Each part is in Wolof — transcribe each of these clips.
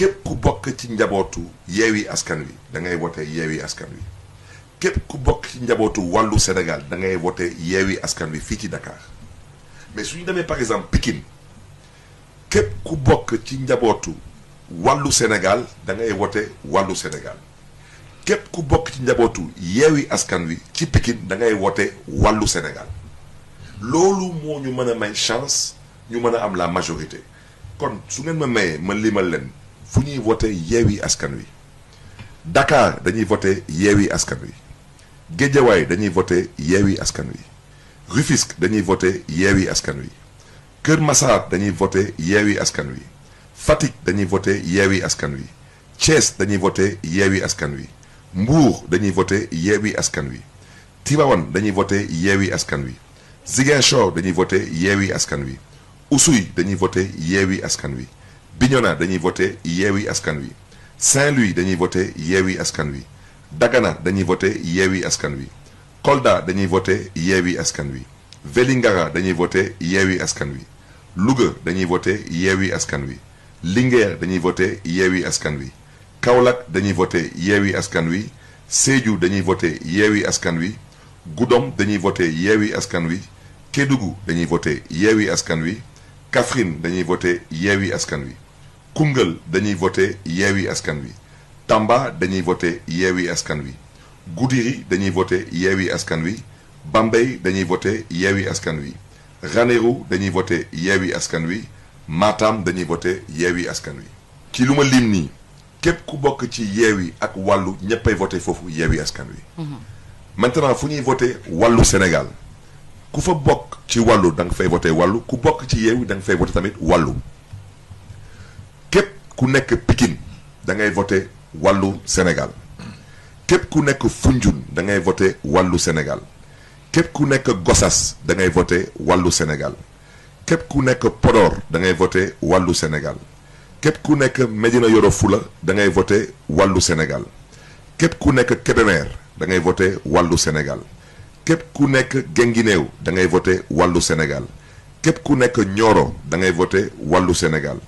képp ku bokk ci njabootu yeewi askan wi da ngay wote yeewi askan wi képp ku bokk ci njabootu wàllu Sénégal da ngay wote yeewi askan wi fii ci Dakar mais suñu demee par exemple pikin képp ku bokk ci njabootu wàllu Sénégal da ngay wote wàllu Sénégal képp ku bokk ci njabootu yeewi askan wi ci pikin da ngay wote wàllu Sénégal loolu moo ñu mën a may chance ñu mën a am la majorité kon su ngeen ma mayee ma limal leen. fu ñuy vote yeewi askan wi Dakar dañuy vote yeewi askan wi Géejawaay dañuy vote yeewi askan wi Rufisque dañuy vote yeewi askan wi Kër Massar dañuy vote yeewi askan wi Fatick dañuy vote yeewi askan wi Thiès dañuy vote yeewi askan wi Mbour dañuy vote yeewi askan wi Tivaouane dañuy vote yeewi askan wi Ziguinchor dañuy vote yeewi askan wi Oussouye dañuy vote yeewi askan wi Bignona dañuy voté Yewwi Askan Wi Saint-Louis dañuy voté Yewwi Askan Wi Dagana dañuy voté Yewwi Askan Wi Kolda dañuy voté Yewwi Askan Wi Vélingara dañuy voté Yewwi Askan Wi Louga dañuy voté Yewwi Askan Wi Linguère dañuy voté Yewwi Askan Wi Kaolack dañuy voté Yewwi Askan Wi Sédhiou dañuy voté Yewwi Askan Wi Goudomp dañuy voté Yewwi Askan Wi Kédougou dañuy voté Yewwi Askan Wi Kafrine dañuy voté Yéwi Askanwi. Kungel, Kungel, dañuy voté Yewi Tamba dañuy voté Yéwi Askanwi. Wi Goudiri dañuy voté Yewi Askanwi. Wi Bambey dañuy voté yewi Askan Wi Ranérou dañuy voté Matam dañuy voté Yewi Askanwi. Wi ci luma limni képp ku ci ak voté fofu Yewi Askan mhm. maintenant fu ñuy voté wallou Sénégal ku ci wàllu da nga fay voté wàllu ku bokk ci yeewi da nga fay voté tamit wàllu képp ku nekk Pikine da ngay voté wàllu Sénégal képp ku nekk Foundiougne da ngay voté wàllu Sénégal képp ku nekk Gossas da ngay voté wàllu Sénégal képp ku nekk Podor da ngay voté wàllu Sénégal képp ku nekk Médina Yoro Fula da ngay voté wàllu Sénégal képp ku nekk Kébémer da ngay voté wàllu Sénégal képp ku nekk Guinguinéo da ngay voté wàllu Sénégal képp ku nekk Nioro da ngay voté wàllu Sénégal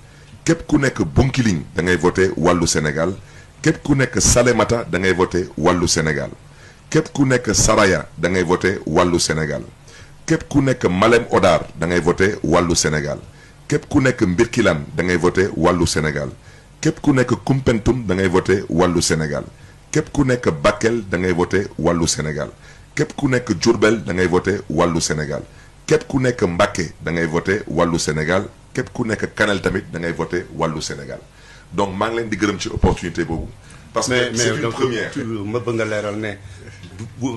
képp ku nekk Bunkiling da ngay voté wàllu Sénégal képp ku nekk Salémata da ngay voté wàllu Sénégal képp ku nekk Saraya da ngay voté wàllu Sénégal képp ku nekk Malem Odar da ngay voté wàllu Sénégal képp ku nekk Mbirkilan da ngay voté wàllu Sénégal képp ku nekk Kumpentum da ngay voté wàllu Sénégal képp ku nekk Bakel da ngay voté wàllu Sénégal képp ku Djourbel, Diourbel da ngay voté wàllu Sénégal képp ku nekk Mbacké da ngay voté wàllu Sénégal képp ku nekk Kanel tamit da ngay voté wàllu Sénégal donc maa ngi leen di gërëm ci opportunité boobu. parce que c'est une première ma bëgg nga leeral ne bu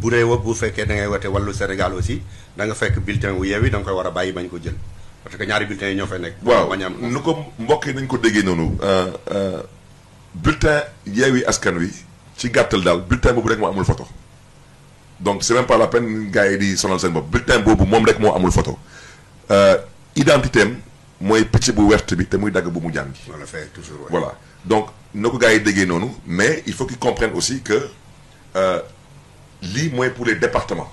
bu dee bu fekkee da ngay voté wàllu Sénégal aussi da nga fekk bulletin wu yeewi da nga koy war a bàyyi bañ ko jël parce que ñaari bulletins yi ñoo fay nekk. waaw nu ko mbokk yi nañ ko déggee noonu. Euh, euh, bulletin yeewi askan wi ci gàttal daal bulletin boobu rek moo amul photo donc c'est même pas la peine gars dire son sonal un bulletin rek mo amul photo euh, identité photo petit bu te moy voilà fait toujours voilà donc nous gars mais il faut qu'ils comprennent aussi que euh, lii pour les départements.